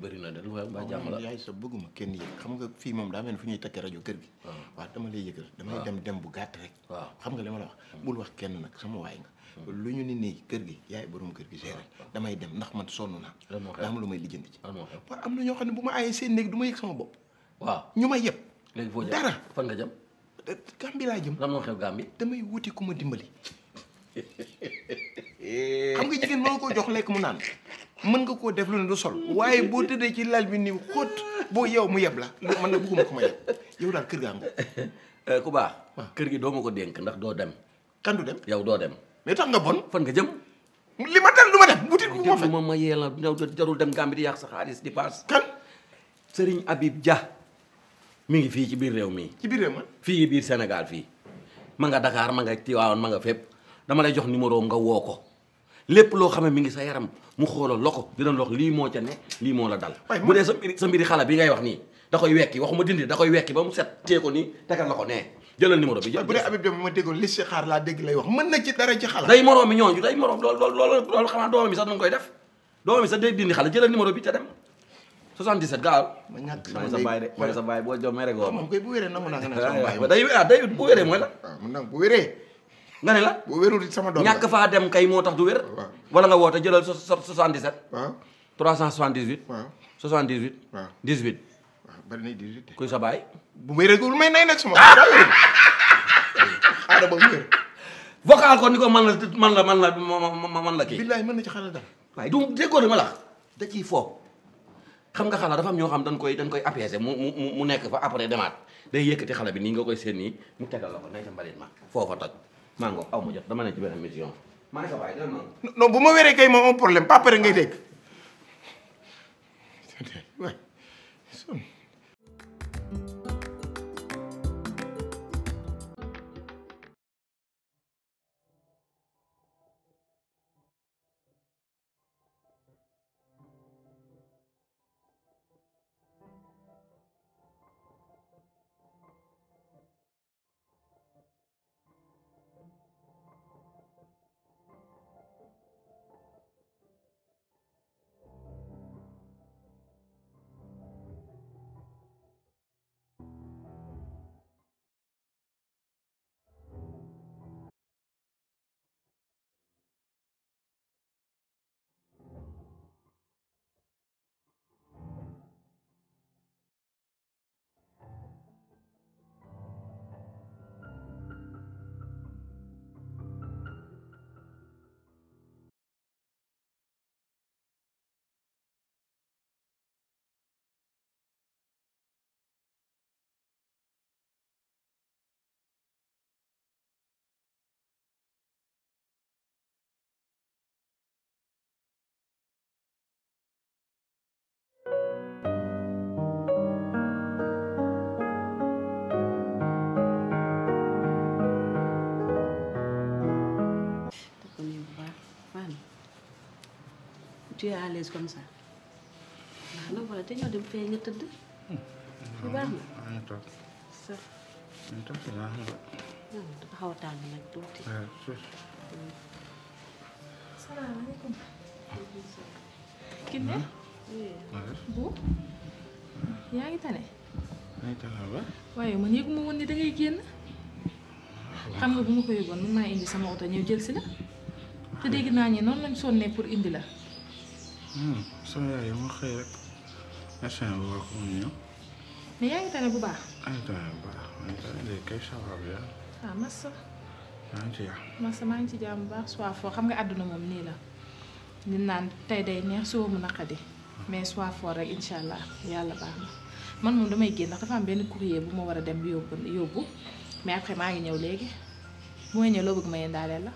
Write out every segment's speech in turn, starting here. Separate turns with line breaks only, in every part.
bëri na de
waaye ba jàmm la yaay sa bëgguma kenn yëg xam nga fii moom daa mel fu ñuy takkee rajo kër gi waaw dama lay yëgal damay dem dem bu gàtt rek waaw xam nga li ma la wax hmm. bul wax kenn nag sama waay nga hmm. lu ñu ni nii kër gi yaay borom kër gi gérer damay dem ndax man sonn naa daa am lu may lijjanti ci par am na ñoo xam ne bu ma ayee seen néeg du ma yëg sama bopp waaw ñu may yëpp léegi foo jëm dara fan nga jëm Gàmbi laa jëm lan moo xew Gàmbi damay wuti ku ma dimbali xam nga jigéen moo ko jox lekk mu naan mën nga koo def lu ne du sol waaye boo tëddee ci lal
bi nii xóot boo yow mu yeb la man nag bëgguma ko ma yeb yow daal kër gaa nga eh, ku baax kër gi doo ma ko dénk ndax doo dem kan du dem yow doo dem mais tax nga bon fan nga jëm li ma dal lu ma dem butit bu ma fekk ma ma yee la jarul dem Gàmbi di yàq sa xaalis di paas kan Serigne Habib Dia mi ngi fii ci biir réew mi ci biir réew man fii biir Sénégal fii ma nga Dakar ma nga Tivaouane ma nga fépp dama lay jox numéro nga woo ko lépp loo xam ne mi ngi sa yaram mu xoolal la ko dina lox lii moo ca ne lii moo la dal bu dee sa mbiri sa bi ngay wax nii da koy wekki waxuma dindi da koy wekki ba mu set tee nii tegal la nee jëlal numéro bi jël bu dee bi te dem 77 gaal ma ñàkk sa baay de ma sa baay boo jomee rek ah, day bu wéree mooy la ah, nga ne la boo wérul sama doom ñàkk faa dem kay moo tax du wér. wala nga woote jëlal 77. waaw 378. waaw 78. waaw 18. waaw bari na 18. kuy sa baay. bu may rëggul may nay nag sama xaar daa wér. xaaral ba mu wér. vocal ko ni ko man la man la man la man la kii. billaay mën na ci xaaral daal. waaye du déggoo ma la da ciy foo. xam nga xala dafa am ñoo xam dañ koy dañ koy apaiser mu mu mu nekk fa après demaat day yëkkati xale bi nii nga koy seen nii mu tegal la ko nay sa mbalit ma foofa toj. maa ngoog aw ma jot dama ne ci benn mission. maa ne ko waaye non bu ma wéree kay moom un problème pas pare ngay dégg.
tu es à l'aise comme ça waaw na wala te ñoo dem fee nga tëdd.
bu baax na waaw ñu toog. ça. ñu toog si
baax na. dafa xaw a tàng nag tuuti. waaw suuf. salaamaaleykum.
Kiné. Hmm? bu. yaa ngi tane. yaa ngi tane ba.
waaye man yëguma woon ni da ngay génn. Ah, xam nga bu ma ko yëgoon mën naa indi sama oto ñëw jël si la. te dégg naa ñi noonu lañ sonnee pour indi la.
Hmm, sama yaay yow ma xëy rek instant bi wax ko mu ñëw.
mais yaa ngi tane bu baax.
yaa ngi tane bu baax man tane
ah, Massa. maa ngi ci jàmm. bu baax soit foo xam nga àdduna moom nii la. ñu naan tey day neex suba mu naqadi. mais soit foo rek incha allah yàlla baax na man moom damay génn ndax dafa am benn courrier bu ma war a dem yóbbu mais après maa ngi ñëw léegi bu may ñëw loo bëgg ma yendaaleel la.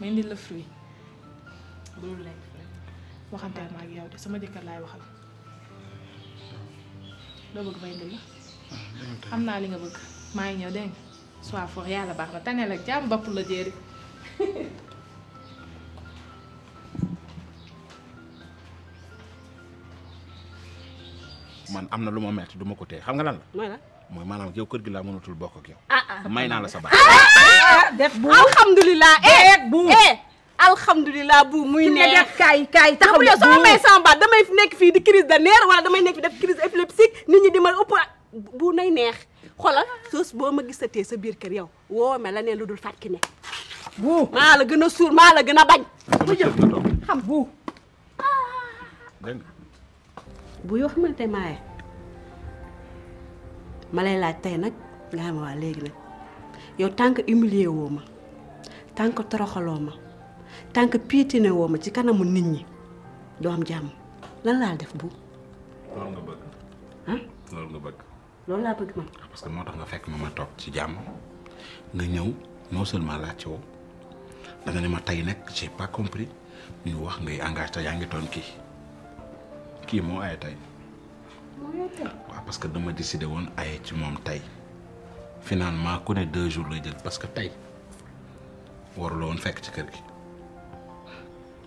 ma indil la fruit waxanteel ma ak yow de sama jëkkër laay waxal loo bëgg may dëgg xam naa li nga bëgg maa ngi ñëw dégg nga soit foofu yàlla baax na tane la jàmm bopp la jéeri
man am na lu ma metti du ma ko téye xam nga lan la mooy maanaam yow kër gi laa mënatul bokk ak yow ah, ah. may naa la sa baax
ah, def bu alhamdulilah eh,
alhamdulilah bu muy neex kaay kaay taxaw yow soo may samba damay nekk fii di crise de nerf wala damay nekk fi def crise épilepsique nit ñi di ma ëpp bu nay neex xoolal soos boo ma gisatee sa biir kër yow woo ma la ne lu dul fàtki ne
bu maa
la gën a suur maa la gën a bañ bu jë xam bu bu yoo xamante maaye ma lay laaj tey nag nga xam waa léegi nag yow tant que humilier woo ma tant que toroxaloo ma tant que piétiné woo ma ci kanamu nit ñi doo am jàmm lan laa def bu. loolu
nga bëgg. ah nga moo tax nga fekk ma ma toog ci jàmm nga ñëw moo seulement laajte woo da nga ne ma tey nag j'ai pas compris ñu wax ngay engagé te yaa ngi doon kii kii moo ay tey. waaw parce que dama décidé woon ay ci moom tey finalement ku ne deux jours lay jël parce que tey waruloo woon fekk ci kër gi.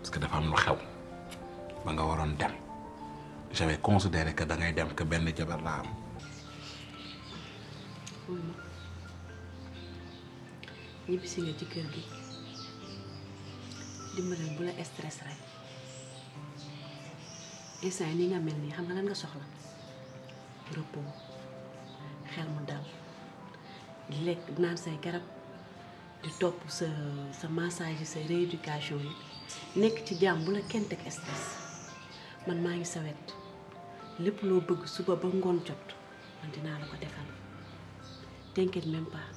parce que dafa am lu xew ba nga waroon dem j'avais considéré que da ngay dem que benn jabar laa am.
ñibbisi nga ci kër gi dimbali bu la stress rek instant nii nga mel nii xam nga nga soxla repos xel mu dal lekk naan say garab di topp sa massage sa rééducation nekk ci jàmm bu la kenn teg stress man maa ngi sawet lépp loo bëgg suba ba ngoon jot man dinaa la ko defal t'inquiète même pas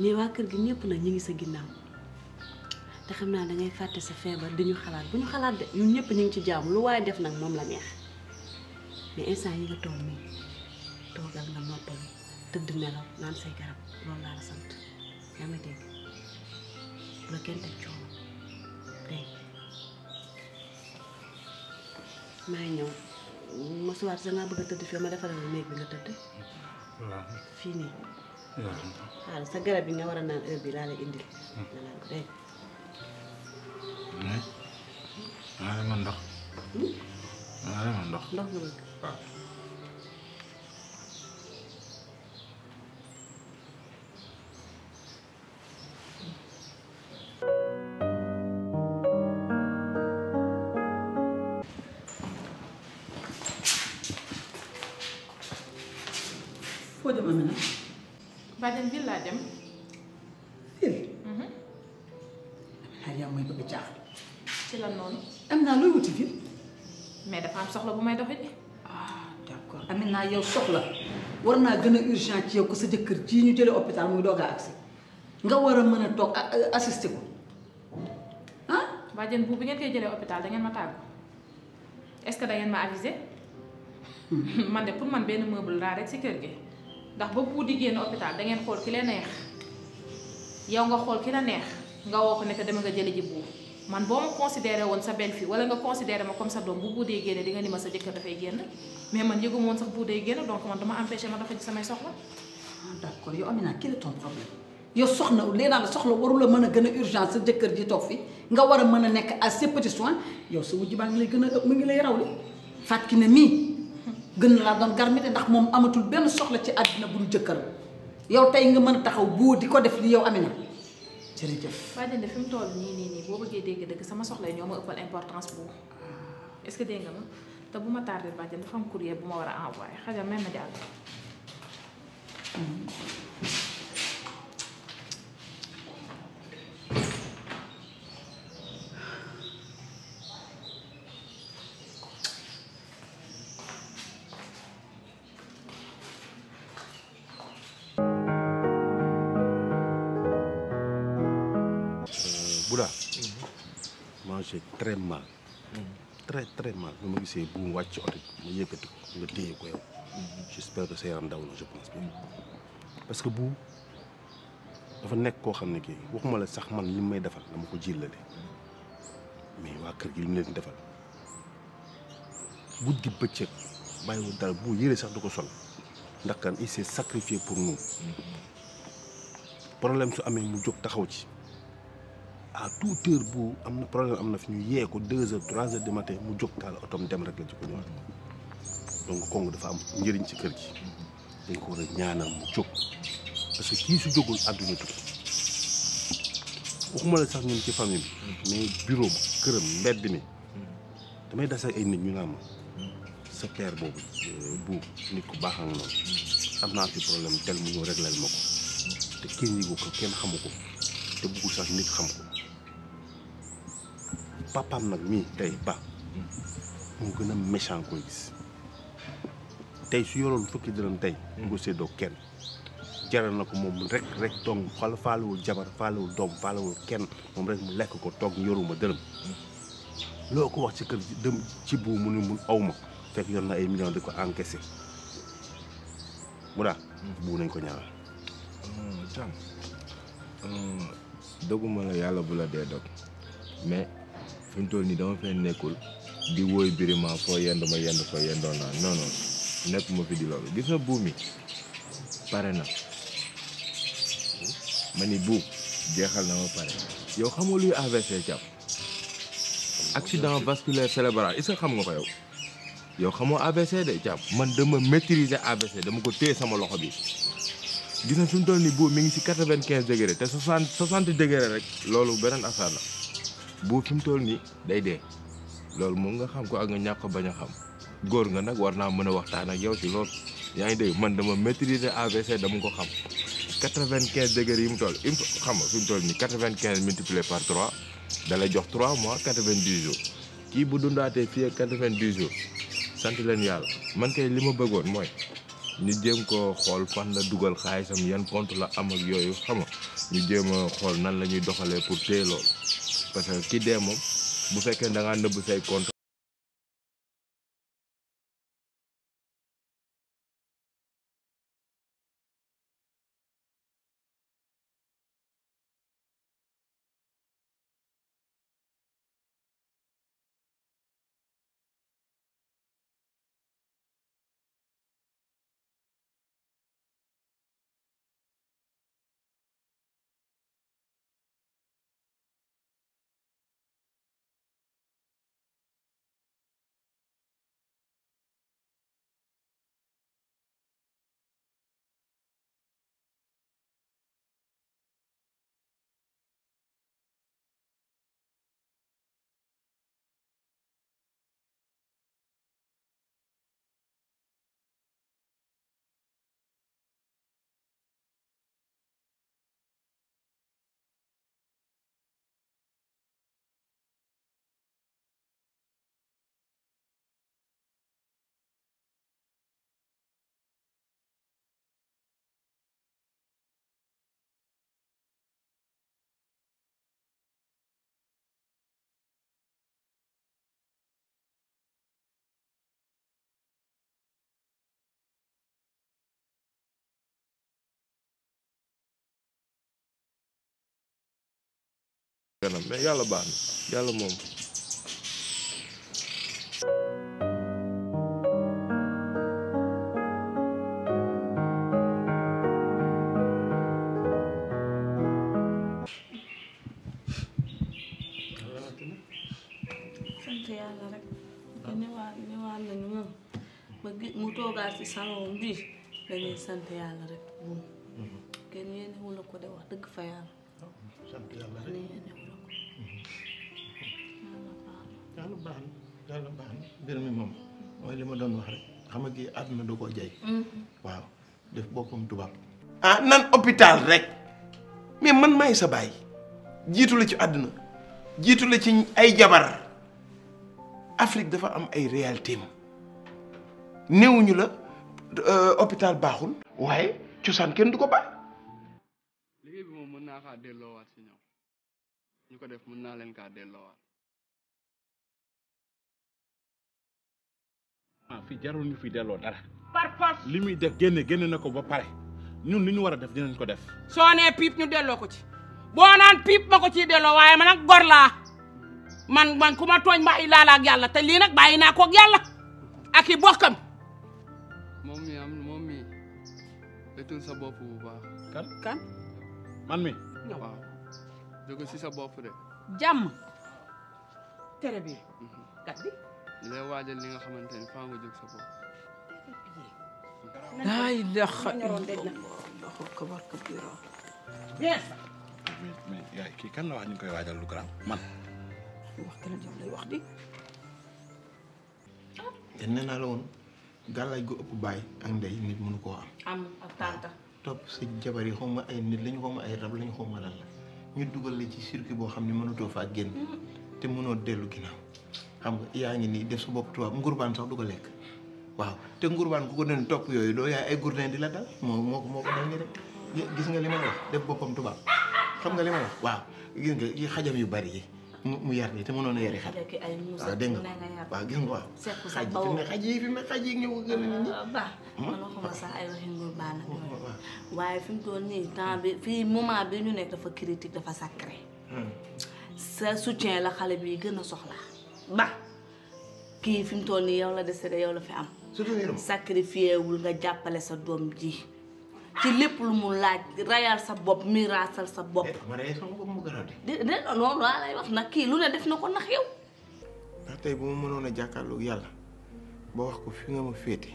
ñi waa kër gi ñëpp nag ñu ngi sa ginnaaw te xam naa dangay fàtte sa feebar di ñu xalaat bu ñu xalaat de ñun ñëpp ñu ngi ci jàmm lu waaye def nag moom la neex mais instant yi nga toog nii toogal nga noppal tëdd nelaw naan say garab loolu laa la sant dégg bu la kenn teg coow kay maa ñëw ma suwaat sax naa bëgg a tëdd fii ma defaral néeg bi nga tëdd. fii nii. waaw sa garab yi nga war a naan heure bi laa lay indil. Hmm. nga naan ko dégg
nga. Hmm. maa ngi leen ndox. Hmm? maa ngi ndox. ndox nga bëgg waaw. Ah.
naa gën a urgent ci yow ko sa jëkkër ci ñu jëlee hôpital muy doog a agsi nga war a mën a toog assister ko
ah. bàjjen bu bi ngeen koy jëlee hôpital da ngeen ma tàggu est-ce que da ngeen ma avisé man de pour man benn meuble laa rek si kër gi ndax ba bu di génn hôpital da ngeen xool ki la neex yow nga xool ki la neex nga woo ko ne dama nga jëli ji buuf. man boo ma considéré woon sa benn fii wala nga considéré ma comme sa doom bu buudee génne di nga ni ma sa jëkkër dafay génn mais man yëgu moon sax buudee génn donc man dama empêché ma dafa ci samay soxla.
ah yow Amina quel est ton problème yow soxna léegi naa la soxla warula mën a gën a urgence sa jëkkër ji toog fi nga war a mën a nekk à ses petits soins yow sa wujj baa ngi lay gën a mu ngi lay rawli Fatou Kiné mii gën na laa doon garmite ndax moom amatul benn soxla ci àddina bu dul jëkkër yow tey nga mën a taxaw boo di ko def li yow Amina jërëjëf.
waaye nag fi mu toll nii nii nii boo bëggee dégg dëgg sama soxla yi ñoo ma ëppal importance bu
ah.
est que dégg nga ma te bu ma tardé bàjjen dafa am bu ma war a envoyé xajal même ma jàll. Mm.
gisee buum wàcc ci oto ko nga téye na je parce que bu dafa nekk koo xam ne kii waxuma la sax man li may defal dama ko jillale mais waa kër gi li mu leen defar guddi bëccëg bàyyiwul dara bu yére sax du ko sol ndax kan il s'est pour nous
mm-hmm.
problème su amee mu jóg taxaw ci. à toute heure bu am na problème am na fi ñu yee ko deux heures trois heures du matin mu jóg taal otoom dem rek la ci ko ñëwaat donc Congo dafa am njëriñ ci kër ko war a que kii su jógul àdduna tukki sax ñun ci famille bi mais bureau këram mbedd mi damay des ay nit ñu naan boobu euh, bu nit ku naa fi problème tel mu ñëw réglal ma ko te kenn yëgu ko kenn xamu ko te bëggul sax nit xam ko papaam nag mii tey ba moo gën a méchant koy gis tey su yoroon fukki dërëm tey du ko séddoo kenn jaral na ko moom rek rek donc xal faalewul jabar faalewul doom faalewul kenn moom rek mu lekk ko togg yoruma dërëm loo ko wax ci kër ci bu mu ne mun aw fekk yor na ay millions di ko encaissé mu daal bu nañ ko ñaanal
jàmm euh, yàlla bu la dee dog fi mu toll nii dama fee nekkul di wóoy birima foo yendu ma yendu foo yendoo naa non nekk ma fi di loolu gis nga buum yi pare na ma ni buub jeexal na ma pare yow xamoo luy AVC càpp accident vasculaire cérébral est-ce que xam nga ko yow yow xamoo AVC de càpp man dama maîtriser AVC dama ko téye sama loxo bi gis na fi mu toll nii buub mi ngi si quatre-vingt-quinze degré te soixante soixante rek loolu beneen affaire bu fi mu toll nii day dee loolu moom nga xam ko ak nga ñàkk bañ a xam góor nga nag war naa mën a waxtaan ak yow si loolu yaa ngi dégg man dama maîtriser AVC dama ko xam quatre vingt yi mu toll xam nga fi mu toll nii quatre-vingt-quinze multiplié par trois dalay jox trois mois quatre-vingt-dix jours kii bu dundaatee fii ak quatre-vingt-dix jours sant leen yàlla man kay li ma bëggoon mooy ñu jéem ko xool fan la dugal xaalisam yan compte la am ak yooyu xam a ñu jéem a xool nan la ñuy doxalee pour téye loolu. parce que ki dee bu fekkee da ngaa nëbb say kanam mais yàlla baax na yàlla moom.
ba gi mu toogaat ci salon bi dañuy sant yàlla rek moom. Mm-hmm. kenn yéen a ko de wax dëgg fa yàlla.
Oh, mbir mi moom mooy li ma doon wax rek xam nga kii àdduna du ko jey mm-hmm. waaw def boppam tubaab ah nan hôpital rek mais man maay sa baay jiitu la ci àdduna jiitu la ci ay jabar Afrique dafa am ay réalité néewuñu la euh, hôpital baaxul waaye cosaan kenn du ko
baax liggéey bi moom mën naa kaa delloowaat ci ñoom ñu ko def mën naa leen kaa delloowaat
Ah, fii jarul ñu fi delloo dara. par force li muy def génne génne na ko ba pare ñun li ñu war a def dinañ ko def.
soo nee pipe ñu delloo ko ci boo naan pipe ma ko ci delloo waaye man nag gor laa man man ku ma tooñ ma ilaala ak yàlla te lii nag bàyyi naa ko ak yàlla
ak i bokkam.
sa bopp bu man mi. waaw si sa boppu de. jàmm lay waajal li nga xamante ni faa
nga jóg sa bopp.
ay ndax.
kii kan wax ñu koy waajal lu grand man. wax keneen yow lay te nee
la woon gàllaay gu ëpp baay ak ndey nit mënu koo am.
am ak
topp sa jabar yi xaw ma ay nit lañu xaw ma ay rab lañu xaw ma lan la ñu dugal la ci circuit boo xam ne mënutoo faa génn te mënoo dellu ginnaaw. xam nga yaa ngi nii def sa bopp tubaab ngurbaan du ko lekk waaw te ngurbaan ku ko doon yooyu doo yaay ay gourdin di la dal moo moo moo gis nga li ma boppam tubaab xam nga li ma waaw gis nga yi yu bari yi mu yar nii te mënoon a yari xaj
waaw dégg nga waaw gis nga waaw xaj fi mu xaj yi fi mu gën a ah,
hmm?
fi mu toll nii temps bi fii moment bi ñu dafa critique dafa sacré hmm. sa soutien la xale bi gën a soxla ba kii fi mu toll nii yow la décédé yow la fi am. sacrifié nga jàppale sa doom ji. ci lépp lu mu laaj rayal sa bopp miraasal sa bopp. de eh, de non laa lay wax nag kii lu ne def na ko nax yow.
ndax tey bu ma mënoon a jàkkaarloo yàlla ba wax ko fi nga ma féete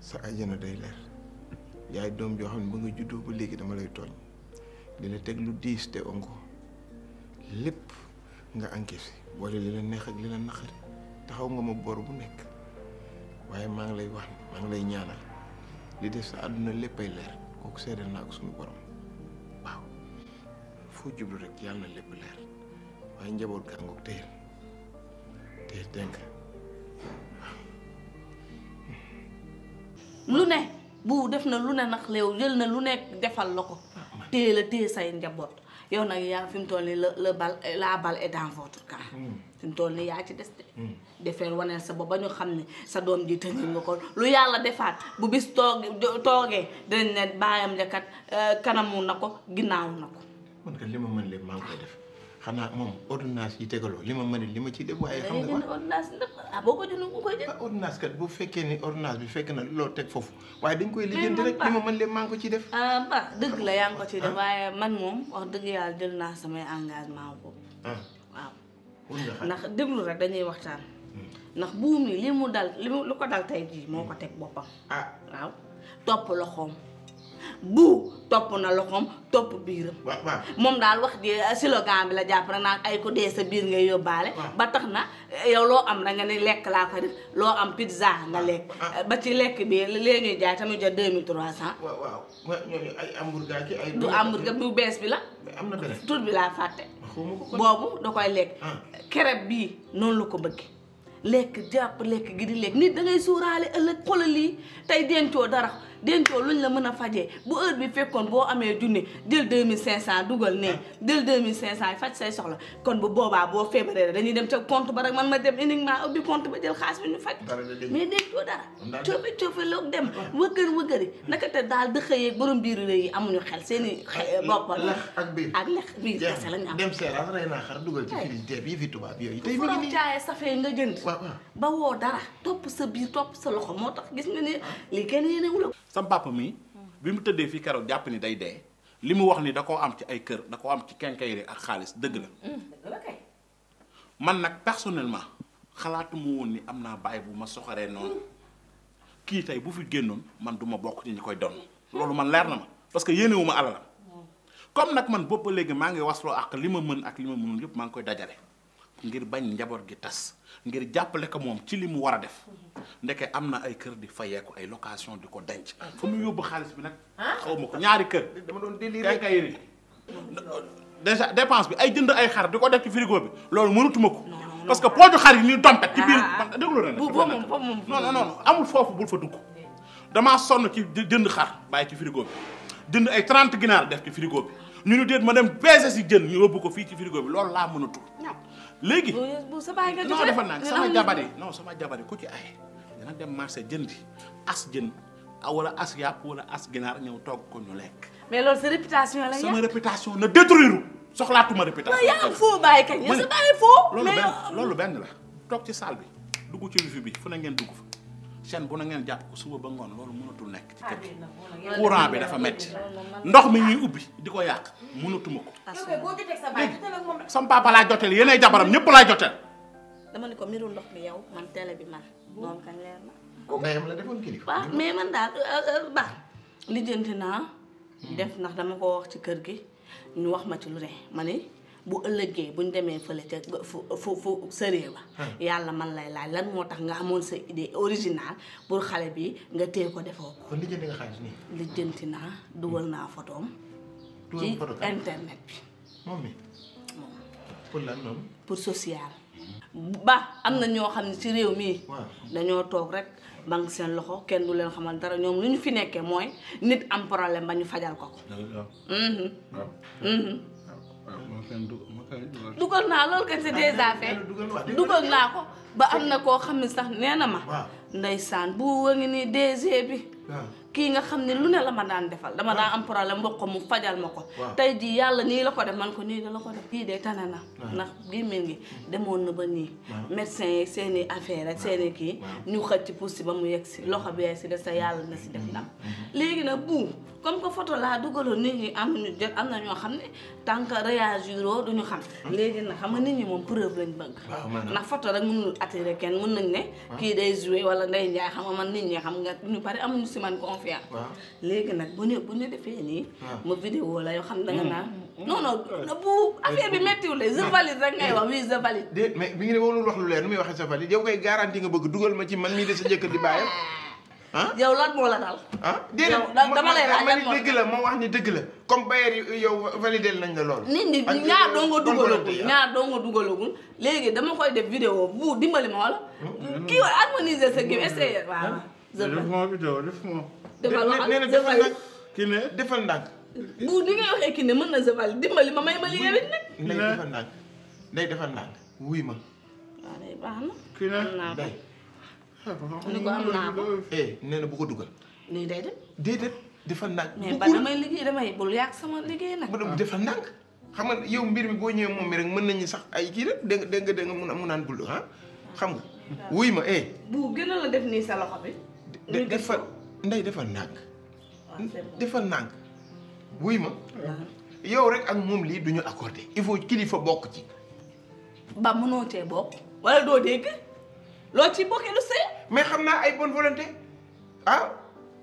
sa ajana day leer yaay doom joo xam ne ba nga juddoo ba léegi dama lay tooñ di la teg lu diis te onko lépp nga encaissé. walla li la neex ak li la naqari taxaw nga ma bor bu nekk waaye maa ngi lay wax maa ngi lay ñaanal li def sa àdduna léppay leer kooku seedal naa ko suñu borom waaw foo jublu rek yàlla na lépp leer waaye njaboot gaa
lu ne bu def na lu ne nag léew jël na lu nekk defal la ko ah, téye la téye say njaboot yow nag yaa fi mu toll nii la la bal la bal est dans votre camp. Hmm. fi mu toll nii yaa ci des de. Hmm. defeer waneel sa bopp ba ñu xam ne sa doom ji tënk nga ko lu yàlla defaat bu bis toog toogee dinañ ne baayam de kat euh, kanamu na ko ginnaaw na ko. li ma mën
xanaa moom ordonnance yi tegaloo li ma mën li ma ciy def waaye. xam nga
ordonnance ah boo ko jënd nga koy jënd.
ordonnance kat bu fekkee ni ordonnance bi fekk na loo teg foofu waaye dañ koy lijjanti rek li ma mën leen ko ciy
def. ah ba dëgg la yaa ngi ko ah. moom wax dëgg yàlla jël naa samay engagement boobu. Ah. waaw. ndax déglu rek dañuy waxtaan. Hmm. ndax buum ni li mu dal li mu lu ko dal tey jii moo ko teg boppam. ah waaw topp loxoom. bu topp na loxoom topp biiram. moom daal wax di euh, slogan bi la jàpp rek naan ay ko dee sa biir ngay yóbbaale. ba tax na euh, yow loo am da nga ne lekk laa ko def loo am pizza nga lekk. ba ci lekk bi lee ñuy jaay tamit jot deux mille trois cent. bu bees bi la. am na beneen tur bi laa fàtte. boobu da koy lekk. Ah. kereb bii noonu la ko bëgg lekk jàpp lekk gi di lekk nit da ngay suuraale ëllëg xoolal lii tey dencoo dara. dencoo luñ la mën a fajee bu heure bi fekkoon boo amee junni jël 2500 dugal ne jël 2500 faj say soxla kon bu boobaa boo feebaree dañuy dem ca compte ba rek man ma dem uniquement ubbi compte ba bi ñu faj mais dencoo dara coofi coofi loog dem wëgër wëgër yi naka te daal dëxëyeeg borom biiru rëy yi amuñu xel seen i ah, bopp
ak biir ak lex biir kese lañ am dem seeraan rey naa dugal ci frigidaire bi fi tubaab yooyu tey mi ngi nii
jaayee safee nga jënd ba woo dara topp sa biir top sa loxo moo tax gis nga ne ah. li kenn yéene wu la
sa papa mi bi mu tëddee fii keroog jàpp ni day dee li mu wax ni da koo am ci ay kër da koo am ci kenkayri ak xaalis dëgg la. Mm. dëgg la kay. man nag personnellement xalaatu mu woon ni am naa bàyyi bu ma soxaree noonu kii tey bu fi génnoon man duma bokk ci ñi koy doon loolu man leer na ma parce que yéene wu ma alalam mm. comme nag man bopp ba léegi maa ngi wasloo ak li ma mën ak li ma mënul yëpp maa ngi koy dajale. ngir bañ njaboot gi tas ngir jàppale ko moom ci li mu war a def ndeke am na ay kër di fayeeku ay location di ko denc fa mu yóbbu xaalis bi nag xaw ma ñaari kër dama doon délire kay ni déjà dépense bi ay jënd ay xar di ko def ci frigo bi loolu mënatuma ko parce que pooju xar yi ñuy dompet ci biir ah. déglu na non non non amul foofu bul fa dugg damaa sonn ci jënd xar bàyyi ci frigo bi jënd ay 30 ginaar def ci frigo bi ñu nu déet ma dem peese si jën ñu yóbbu ko fii ci frigo bi loolu laa mënatu léegi
bu sa bàyyi nga joxe non defal naa sama jabar yi
non sama jabar yi ku ci ay dana dem marché jëndi as jën wala as yàpp wala as ginaar ñëw togg ko ñu lekk.
mais loolu sa réputation la sama
réputation na détruire soxlaatuma réputation. non yaa foo
bàyyi sa bàyyi foo.
loolu benn loolu la toog ci salle bi dugg ci wifi bi fu na ngeen dugg fa. seen bu na ngeen jàpp ko suba ba ngoon loolu mënatul nekk ci kër gi courant bi dafa metti ndox mi ñuy ubbi di ko yàq mënatuma ko
ah,
sama papa laa joteel yéenay jabaram ñëpp laa joteel
dama ne ko mbiru ndox mi yow man télé bi man na
kooku
ndeyam la
mais man daal euh, euh, euh, ba lijjanti naa hmm. def ndax dama ko wax ci kër gi ñu wax ma ci lu ne ma ni bu ëllëgee buñ demee fële ca fu fu sëree ba hmm. yàlla man lay laaj lan moo tax nga amoon sa idée originale pour xale bi nga téye ko defoo ko.
kon lijjanti nga xaalis nii.
lijjanti naa dugal hmm. naa photoom ci internet bi. moom mi moom. pour lan moom. pour social. Hmm. ba am na ñoo xam ne ci réew mii. dañoo toog rek banque seen loxo kenn du leen xamal dara ñoom lu ñu fi nekkee mooy nit am problème ba ñu fajal ko ko.
dugal
naa loolu kat c'est déjà fait dugal naa ko ba am na koo xam ne sax nee na ma. ndeysaan bu wëngi nii DG bi. kii nga xam ne lu ne la ma daan defal dama daan am problème mbokk mu fajal ma ko tey jii yàlla nii la ko def man ko nii la ko def kii de tane na ndax gémmiñ gi demoon na ba nii médecin yi seen affaire ak seen kii ñu xëcc pour si ba mu yegg si loxo bi si sa yàlla na si def ndam mm-hmm. Mm-hmm. léegi nag bu comme que photo laa dugaloon nit ñi am ñu jot na ñoo xam ne tant que réagir oo duñu xam mm-hmm. léegi na xam nga nit ñi moom preuve lañ bëgg ndax photo rek mënul attirer kenn mën nañ ne kii day joué wala nday njaay xam ma man nit ñi xam nga ñu bari amuñu si man ko confiant. léegi nag bu ñu bu ñu defee nii. ma vidéo la yoo xam danga mm. naan. Mm. non non bu affaire bi méttiwul la je valide rek ngay wax oui je valide.
déet mais bi ngi ne wax lu leer nu muy waxee bëgg dugal ma ci man mii de sa jëkkër di bàyyam. ah
yow lan moo la daal.
ah déedéet
dama lay laaj lan moo dëgg la dëgg la comme bailleur yow validé nañ la lool. nit ñi ñaar doo nga dugalagul ah. ñaar doo nga dugalagul léegi dama koy def vidéo bu dimbali ma hmm? sa game hmm. essayé
def ma defal waxal na defal defal ndànk
bu ni ngay waxee kii ne mën na zeval dimbali ma may ma liggéey
nag
ndey defal defal ndànk wuy ma
waaw ah, day baax na kii ne day
ni eh, na bu ko dugal nii day dem déedéet defal ndànk mais ba damay
liggéey damay bul yàq sama liggéey nag mu defal
ndànk xam nga yow mbir mi boo ñëwee moom mi rek mën nañu sax ay kii rek dégg nga nga dégg nga mun naan bul ah xam nga wuy ma eh
bu gën a la def nii sa loxo bi
def nday defal nànk defal nànk wuy ma yow rek ak moom lii ñu accordé il faut kilifa bokk ci
ba mënoo tee bokk wala doo dégg loo ci bokkee lu sëy mais xam naa ay bon volonté ah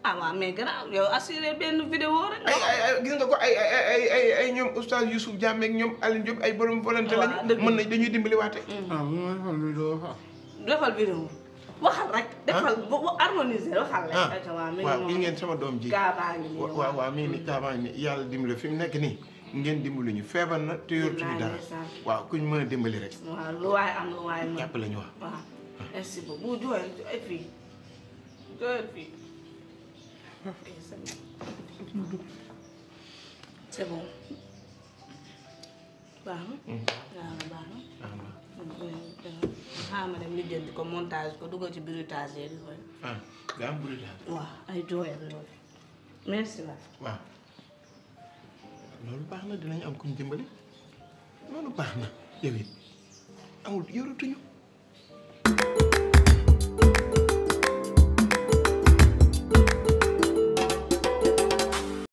ah waaw mais gannaaw yow assuré benn vidéo
rek. ay ay gis nga ko ay ay ay ay ñoom oustaz Youssouf Diame ñoom Alioune Diop ay borom volonté lañu. waaw mën nañ dañuy dimbali waate. Mm. ah bu
defal vidéo waxal rek defal ah. bu harmoniser waxal rek. Ah. waaw gis
ngeen sama doom ji. kaabaa ngi nii waaw waaw mi fi mu nekk nii. ngeen dimbali ñu feebar na te yortuñu dara. waaw kuñ mën a dimbali rek.
waaw lu waay am lu waay mën jàpp xaaral ma dem lijjanti ko montage ko dugal ci bruitage yi.
ah daa am bruitage.
waaw ay jooyal loolu merci la.
waaw loolu baax na dinañ am kuñ jëmbale loolu baax na yow it amul yoratuñu.